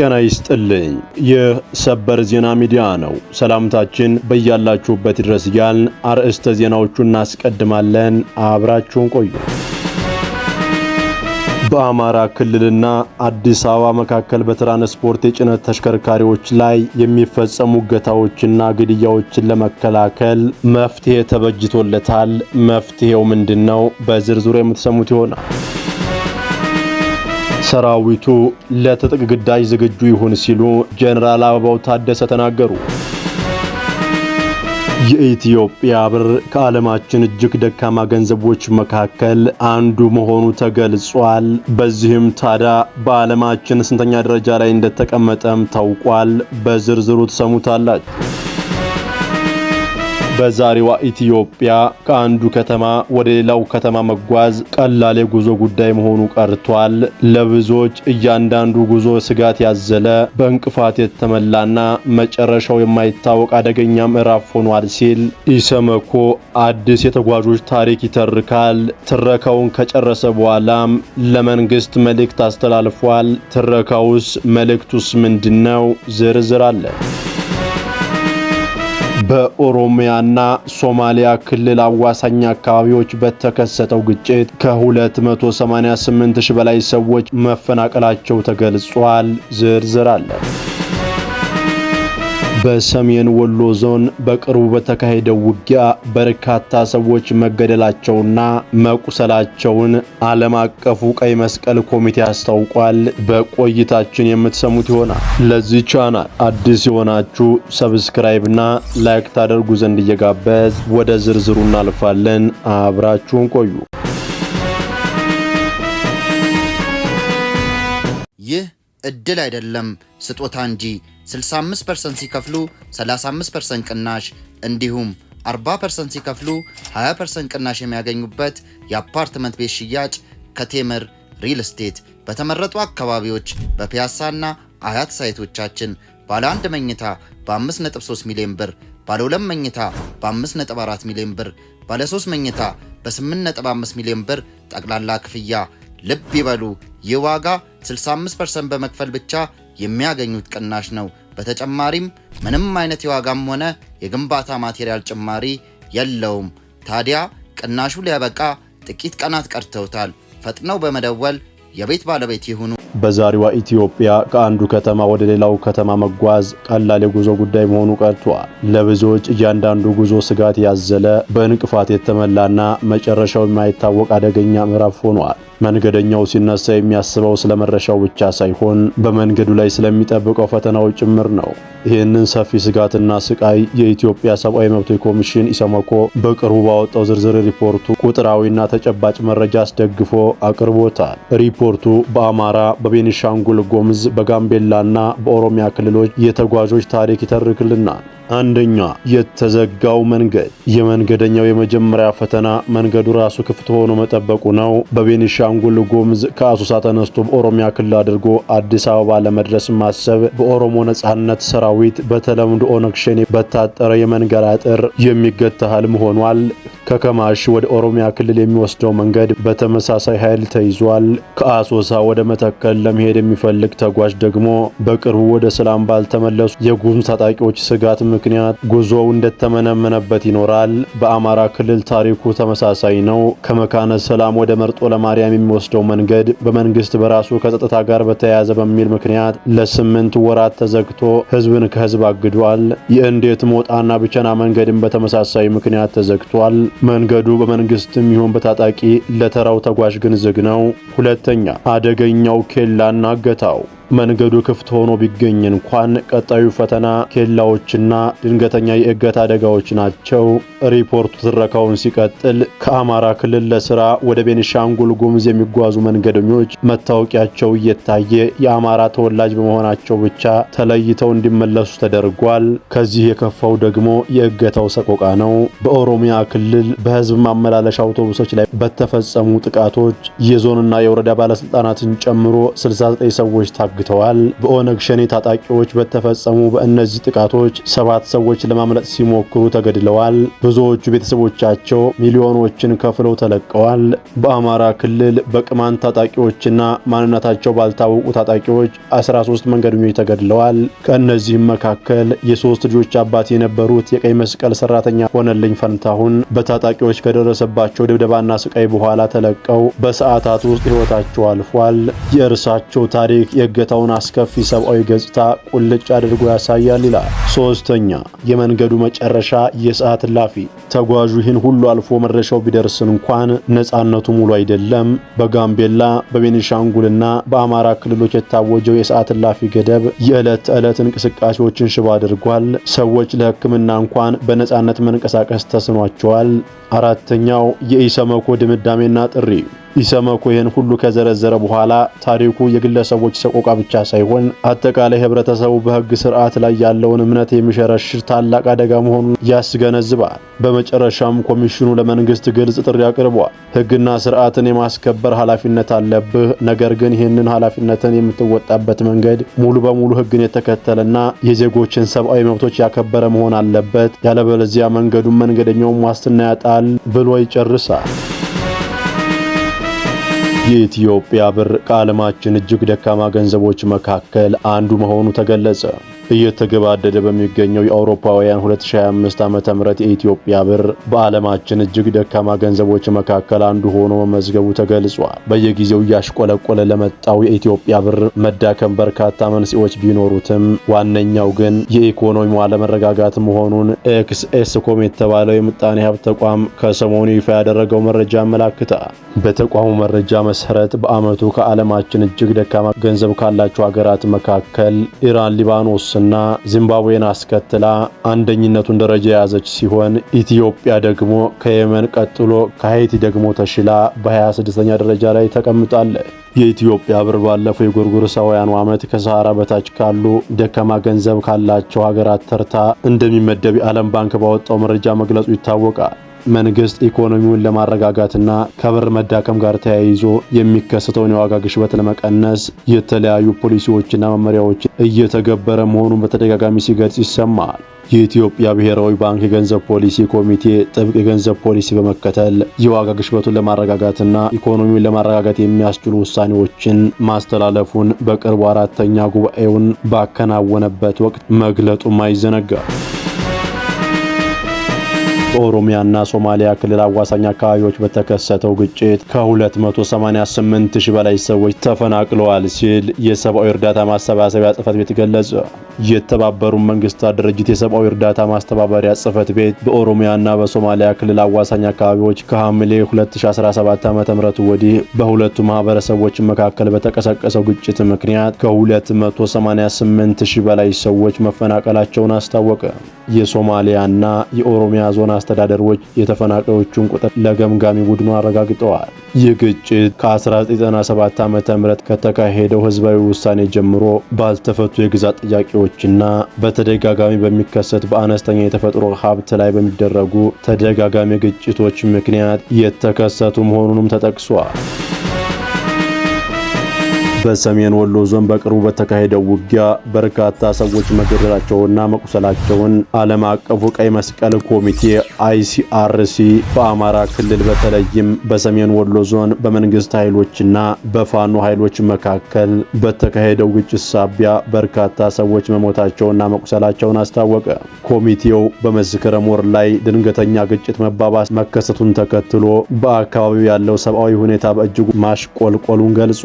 ጤና ይስጥልኝ። ይህ ሰበር ዜና ሚዲያ ነው። ሰላምታችን በያላችሁበት ድረስ እያልን አርዕስተ ዜናዎቹን እናስቀድማለን። አብራችሁን ቆዩ። በአማራ ክልልና አዲስ አበባ መካከል በትራንስፖርት የጭነት ተሽከርካሪዎች ላይ የሚፈጸሙ እገታዎችና ግድያዎችን ለመከላከል መፍትሄ ተበጅቶለታል። መፍትሄው ምንድን ነው? በዝርዝሩ የምትሰሙት ይሆናል። ሰራዊቱ ለትጥቅ ግዳጅ ዝግጁ ይሁን ሲሉ ጀኔራል አበባው ታደሰ ተናገሩ። የኢትዮጵያ ብር ከዓለማችን እጅግ ደካማ ገንዘቦች መካከል አንዱ መሆኑ ተገልጿል። በዚህም ታዲያ በዓለማችን ስንተኛ ደረጃ ላይ እንደተቀመጠም ታውቋል። በዝርዝሩ ትሰሙታላችሁ። በዛሬዋ ኢትዮጵያ ከአንዱ ከተማ ወደ ሌላው ከተማ መጓዝ ቀላል የጉዞ ጉዳይ መሆኑ ቀርቷል። ለብዙዎች እያንዳንዱ ጉዞ ስጋት ያዘለ፣ በእንቅፋት የተሞላና መጨረሻው የማይታወቅ አደገኛ ምዕራፍ ሆኗል ሲል ኢሰመኮ አዲስ የተጓዦች ታሪክ ይተርካል። ትረካውን ከጨረሰ በኋላም ለመንግስት መልእክት አስተላልፏል። ትረካውስ መልእክቱስ ነው ዝርዝር አለ። በኦሮሚያና ሶማሊያ ክልል አዋሳኝ አካባቢዎች በተከሰተው ግጭት ከ288 ሺህ በላይ ሰዎች መፈናቀላቸው ተገልጿል። ዝርዝር አለ። በሰሜን ወሎ ዞን በቅርቡ በተካሄደው ውጊያ በርካታ ሰዎች መገደላቸውና መቁሰላቸውን ዓለም አቀፉ ቀይ መስቀል ኮሚቴ አስታውቋል። በቆይታችን የምትሰሙት ይሆናል። ለዚህ ቻናል አዲስ የሆናችሁ ሰብስክራይብና ላይክ ታደርጉ ዘንድ እየጋበዝ ወደ ዝርዝሩ እናልፋለን። አብራችሁን ቆዩ። ይህ እድል አይደለም ስጦታ እንጂ 65% ሲከፍሉ 35% ቅናሽ እንዲሁም 40% ሲከፍሉ 20% ቅናሽ የሚያገኙበት የአፓርትመንት ቤት ሽያጭ ከቴምር ሪል ስቴት በተመረጡ አካባቢዎች በፒያሳና አያት ሳይቶቻችን ባለ አንድ መኝታ በ5.3 ሚሊዮን ብር፣ ባለ ሁለት መኝታ በ5.4 ሚሊዮን ብር፣ ባለ 3 መኝታ በ8.5 ሚሊዮን ብር ጠቅላላ ክፍያ። ልብ ይበሉ ይህ ዋጋ 65 በመክፈል ብቻ የሚያገኙት ቅናሽ ነው። በተጨማሪም ምንም አይነት የዋጋም ሆነ የግንባታ ማቴሪያል ጭማሪ የለውም። ታዲያ ቅናሹ ሊያበቃ ጥቂት ቀናት ቀርተውታል። ፈጥነው በመደወል የቤት ባለቤት ይሁኑ። በዛሬዋ ኢትዮጵያ ከአንዱ ከተማ ወደ ሌላው ከተማ መጓዝ ቀላል የጉዞ ጉዳይ መሆኑ ቀርቷል። ለብዙዎች እያንዳንዱ ጉዞ ስጋት ያዘለ፣ በእንቅፋት የተመላና መጨረሻው የማይታወቅ አደገኛ ምዕራፍ ሆኗል። መንገደኛው ሲነሳ የሚያስበው ስለ መረሻው ብቻ ሳይሆን በመንገዱ ላይ ስለሚጠብቀው ፈተናው ጭምር ነው። ይህንን ሰፊ ስጋትና ስቃይ የኢትዮጵያ ሰብአዊ መብቶች ኮሚሽን ኢሰመኮ በቅርቡ ባወጣው ዝርዝር ሪፖርቱ ቁጥራዊና ተጨባጭ መረጃ አስደግፎ አቅርቦታል። ሪፖርቱ በአማራ፣ በቤኒሻንጉል ጎምዝ፣ በጋምቤላና በኦሮሚያ ክልሎች የተጓዦች ታሪክ ይተርክልናል። አንደኛ የተዘጋው መንገድ። የመንገደኛው የመጀመሪያ ፈተና መንገዱ ራሱ ክፍት ሆኖ መጠበቁ ነው። በቤኒሻንጉል ጉሙዝ ከአሶሳ ተነስቶ በኦሮሚያ ክልል አድርጎ አዲስ አበባ ለመድረስ ማሰብ በኦሮሞ ነጻነት ሰራዊት በተለምዶ ኦነግ ሸኔ በታጠረ የመንገድ አጥር የሚገታ ህልም ሆኗል። ከከማሽ ወደ ኦሮሚያ ክልል የሚወስደው መንገድ በተመሳሳይ ኃይል ተይዟል። ከአሶሳ ወደ መተከል ለመሄድ የሚፈልግ ተጓዥ ደግሞ በቅርቡ ወደ ሰላም ባልተመለሱ የጉምዝ ታጣቂዎች ስጋት ምክንያት ጉዞው እንደተመነመነበት ይኖራል። በአማራ ክልል ታሪኩ ተመሳሳይ ነው። ከመካነ ሰላም ወደ መርጦ ለማርያም የሚወስደው መንገድ በመንግስት በራሱ ከጸጥታ ጋር በተያያዘ በሚል ምክንያት ለስምንት ወራት ተዘግቶ ህዝብን ከህዝብ አግዷል። የእንዴት ሞጣና ብቸና መንገድም በተመሳሳይ ምክንያት ተዘግቷል። መንገዱ በመንግስትም ይሁን በታጣቂ ለተራው ተጓዥ ግን ዝግ ነው። ሁለተኛ አደገኛው ኬላና እገታው መንገዱ ክፍት ሆኖ ቢገኝ እንኳን ቀጣዩ ፈተና ኬላዎችና ድንገተኛ የእገታ አደጋዎች ናቸው። ሪፖርቱ ትረካውን ሲቀጥል ከአማራ ክልል ለስራ ወደ ቤኒሻንጉል ጉምዝ የሚጓዙ መንገደኞች መታወቂያቸው እየታየ የአማራ ተወላጅ በመሆናቸው ብቻ ተለይተው እንዲመለሱ ተደርጓል። ከዚህ የከፋው ደግሞ የእገታው ሰቆቃ ነው። በኦሮሚያ ክልል በህዝብ ማመላለሻ አውቶቡሶች ላይ በተፈጸሙ ጥቃቶች የዞንና የወረዳ ባለስልጣናትን ጨምሮ 69 ሰዎች ታግ አግተዋል። በኦነግ ሸኔ ታጣቂዎች በተፈጸሙ በእነዚህ ጥቃቶች ሰባት ሰዎች ለማምለጥ ሲሞክሩ ተገድለዋል። ብዙዎቹ ቤተሰቦቻቸው ሚሊዮኖችን ከፍለው ተለቀዋል። በአማራ ክልል በቅማንት ታጣቂዎችና ማንነታቸው ባልታወቁ ታጣቂዎች 13 መንገደኞች ተገድለዋል። ከእነዚህም መካከል የሶስት ልጆች አባት የነበሩት የቀይ መስቀል ሰራተኛ ሆነልኝ ፈንታሁን በታጣቂዎች ከደረሰባቸው ድብደባና ስቃይ በኋላ ተለቀው በሰዓታት ውስጥ ሕይወታቸው አልፏል። የእርሳቸው ታሪክ የገ የሁኔታውን አስከፊ ሰብአዊ ገጽታ ቁልጭ አድርጎ ያሳያል ይላል። ሶስተኛ የመንገዱ መጨረሻ የሰዓት እላፊ። ተጓዡ ይህን ሁሉ አልፎ መድረሻው ቢደርስ እንኳን ነጻነቱ ሙሉ አይደለም። በጋምቤላ በቤኒሻንጉልና በአማራ ክልሎች የታወጀው የሰዓት እላፊ ገደብ የዕለት ተዕለት እንቅስቃሴዎችን ሽባ አድርጓል። ሰዎች ለሕክምና እንኳን በነጻነት መንቀሳቀስ ተስኗቸዋል። አራተኛው የኢሰመኮ ድምዳሜና ጥሪ ኢሰመኮ ይህን ሁሉ ከዘረዘረ በኋላ ታሪኩ የግለሰቦች ሰቆቃ ብቻ ሳይሆን አጠቃላይ ህብረተሰቡ በህግ ስርዓት ላይ ያለውን እምነት የሚሸረሽር ታላቅ አደጋ መሆኑን ያስገነዝባል። በመጨረሻም ኮሚሽኑ ለመንግስት ግልጽ ጥሪ አቅርቧል። ህግና ስርዓትን የማስከበር ኃላፊነት አለብህ። ነገር ግን ይህንን ኃላፊነትን የምትወጣበት መንገድ ሙሉ በሙሉ ህግን የተከተለና የዜጎችን ሰብአዊ መብቶች ያከበረ መሆን አለበት። ያለበለዚያ መንገዱን መንገደኛውም ዋስትና ያጣል ብሎ ይጨርሳል። የኢትዮጵያ ብር ከዓለማችን እጅግ ደካማ ገንዘቦች መካከል አንዱ መሆኑ ተገለጸ። እየተገባደደ በሚገኘው የአውሮፓውያን 2025 ዓ.ም የኢትዮጵያ ብር በዓለማችን እጅግ ደካማ ገንዘቦች መካከል አንዱ ሆኖ መመዝገቡ ተገልጿል። በየጊዜው እያሽቆለቆለ ለመጣው የኢትዮጵያ ብር መዳከም በርካታ መንስኤዎች ቢኖሩትም ዋነኛው ግን የኢኮኖሚው አለመረጋጋት መሆኑን ኤክስኤስኮም የተባለው የምጣኔ ሀብት ተቋም ከሰሞኑ ይፋ ያደረገው መረጃ አመላክታል። በተቋሙ መረጃ መሰረት በዓመቱ ከዓለማችን እጅግ ደካማ ገንዘብ ካላቸው ሀገራት መካከል ኢራን፣ ሊባኖስ ላኦስና ዚምባብዌን አስከትላ አንደኝነቱን ደረጃ የያዘች ሲሆን ኢትዮጵያ ደግሞ ከየመን ቀጥሎ ከሀይቲ ደግሞ ተሽላ በ26ኛ ደረጃ ላይ ተቀምጣለች። የኢትዮጵያ ብር ባለፈው የጎርጎሮሳውያኑ ዓመት ከሰሃራ በታች ካሉ ደካማ ገንዘብ ካላቸው ሀገራት ተርታ እንደሚመደብ የዓለም ባንክ ባወጣው መረጃ መግለጹ ይታወቃል። መንግስት ኢኮኖሚውን ለማረጋጋትና ከብር መዳከም ጋር ተያይዞ የሚከሰተውን የዋጋ ግሽበት ለመቀነስ የተለያዩ ፖሊሲዎችና መመሪያዎች እየተገበረ መሆኑን በተደጋጋሚ ሲገልጽ ይሰማል። የኢትዮጵያ ብሔራዊ ባንክ የገንዘብ ፖሊሲ ኮሚቴ ጥብቅ የገንዘብ ፖሊሲ በመከተል የዋጋ ግሽበቱን ለማረጋጋትና ኢኮኖሚውን ለማረጋጋት የሚያስችሉ ውሳኔዎችን ማስተላለፉን በቅርቡ አራተኛ ጉባኤውን ባከናወነበት ወቅት መግለጡም አይዘነጋል። በኦሮሚያና ሶማሊያ ክልል አዋሳኝ አካባቢዎች በተከሰተው ግጭት ከ288 ሺህ በላይ ሰዎች ተፈናቅለዋል ሲል የሰብአዊ እርዳታ ማሰባሰቢያ ጽህፈት ቤት ገለጸ። የተባበሩት መንግስታት ድርጅት የሰብአዊ እርዳታ ማስተባበሪያ ጽህፈት ቤት በኦሮሚያና በሶማሊያ ክልል አዋሳኝ አካባቢዎች ከሐምሌ 2017 ዓ.ም ወዲህ በሁለቱ ማህበረሰቦች መካከል በተቀሰቀሰው ግጭት ምክንያት ከ288 ሺህ በላይ ሰዎች መፈናቀላቸውን አስታወቀ። የሶማሊያና የኦሮሚያ ዞን አስተዳደሮች የተፈናቃዮቹን ቁጥር ለገምጋሚ ቡድኑ አረጋግጠዋል። ይህ ግጭት ከ1997 ዓ ም ከተካሄደው ህዝባዊ ውሳኔ ጀምሮ ባልተፈቱ የግዛት ጥያቄዎችና በተደጋጋሚ በሚከሰት በአነስተኛ የተፈጥሮ ሀብት ላይ በሚደረጉ ተደጋጋሚ ግጭቶች ምክንያት የተከሰቱ መሆኑንም ተጠቅሷል። በሰሜን ወሎ ዞን በቅርቡ በተካሄደው ውጊያ በርካታ ሰዎች መገደላቸውና መቁሰላቸውን ዓለም አቀፉ ቀይ መስቀል ኮሚቴ አይሲአርሲ በአማራ ክልል በተለይም በሰሜን ወሎ ዞን በመንግስት ኃይሎችና በፋኖ ኃይሎች መካከል በተካሄደው ግጭት ሳቢያ በርካታ ሰዎች መሞታቸውና መቁሰላቸውን አስታወቀ። ኮሚቴው በመስከረም ወር ላይ ድንገተኛ ግጭት መባባስ መከሰቱን ተከትሎ በአካባቢው ያለው ሰብአዊ ሁኔታ በእጅጉ ማሽቆልቆሉን ገልጿል።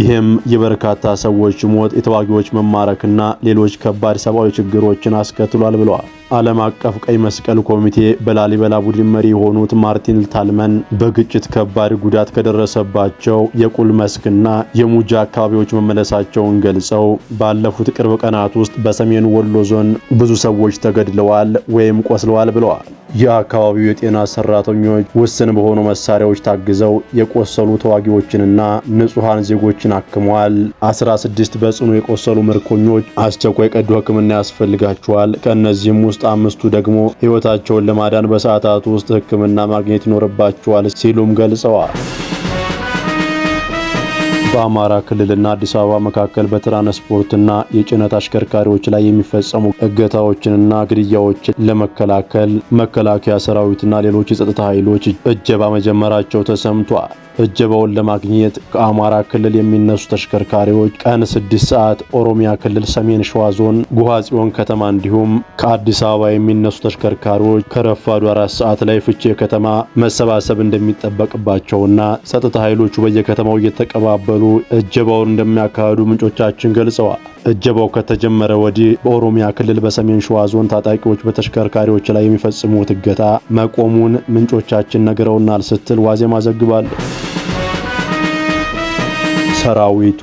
ይህም የበርካታ ሰዎች ሞት፣ የተዋጊዎች መማረክና ሌሎች ከባድ ሰብአዊ ችግሮችን አስከትሏል ብለዋል። ዓለም አቀፍ ቀይ መስቀል ኮሚቴ በላሊበላ ቡድን መሪ የሆኑት ማርቲን ታልመን በግጭት ከባድ ጉዳት ከደረሰባቸው የቁል መስክና የሙጃ አካባቢዎች መመለሳቸውን ገልጸው ባለፉት ቅርብ ቀናት ውስጥ በሰሜን ወሎ ዞን ብዙ ሰዎች ተገድለዋል ወይም ቆስለዋል ብለዋል። የአካባቢው የጤና ሰራተኞች ውስን በሆኑ መሳሪያዎች ታግዘው የቆሰሉ ተዋጊዎችንና ንጹሐን ዜጎችን አክመዋል። 16 በጽኑ የቆሰሉ ምርኮኞች አስቸኳይ ቀዶ ሕክምና ያስፈልጋቸዋል። ከእነዚህም ውስጥ አምስቱ ደግሞ ሕይወታቸውን ለማዳን በሰዓታት ውስጥ ሕክምና ማግኘት ይኖርባቸዋል ሲሉም ገልጸዋል። በአማራ ክልልና አዲስ አበባ መካከል በትራንስፖርትና የጭነት አሽከርካሪዎች ላይ የሚፈጸሙ እገታዎችንና ግድያዎችን ለመከላከል መከላከያ ሰራዊትና ሌሎች የጸጥታ ኃይሎች እጀባ መጀመራቸው ተሰምቷል። እጀባውን ለማግኘት ከአማራ ክልል የሚነሱ ተሽከርካሪዎች ቀን 6 ሰዓት ኦሮሚያ ክልል ሰሜን ሸዋ ዞን ጉሃ ጽዮን ከተማ እንዲሁም ከአዲስ አበባ የሚነሱ ተሽከርካሪዎች ከረፋዱ አራት ሰዓት ላይ ፍቼ ከተማ መሰባሰብ እንደሚጠበቅባቸውና ጸጥታ ኃይሎቹ በየከተማው እየተቀባበሉ እጀባውን እንደሚያካሂዱ ምንጮቻችን ገልጸዋል። እጀባው ከተጀመረ ወዲህ በኦሮሚያ ክልል በሰሜን ሸዋ ዞን ታጣቂዎች በተሽከርካሪዎች ላይ የሚፈጽሙት እገታ መቆሙን ምንጮቻችን ነግረውናል ስትል ዋዜማ ዘግባለች። ሰራዊቱ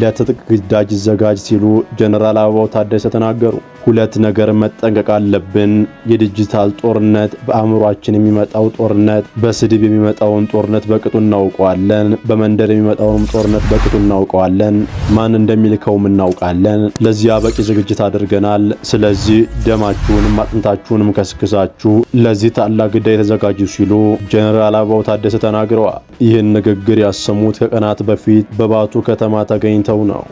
ለትጥቅ ግዳጅ ይዘጋጅ ሲሉ ጀነራል አበባው ታደሰ ተናገሩ። ሁለት ነገር መጠንቀቅ አለብን። የዲጂታል ጦርነት፣ በአእምሯችን የሚመጣው ጦርነት፣ በስድብ የሚመጣውን ጦርነት በቅጡ እናውቀዋለን። በመንደር የሚመጣውንም ጦርነት በቅጡ እናውቀዋለን። ማን እንደሚልከውም እናውቃለን። ለዚያ በቂ ዝግጅት አድርገናል። ስለዚህ ደማችሁንም አጥንታችሁንም ከስክሳችሁ ለዚህ ታላቅ ግዳይ የተዘጋጁ ሲሉ ጀኔራል አበባው ታደሰ ተናግረዋል። ይህን ንግግር ያሰሙት ከቀናት በፊት በባቱ ከተማ ተገኝተው ነው።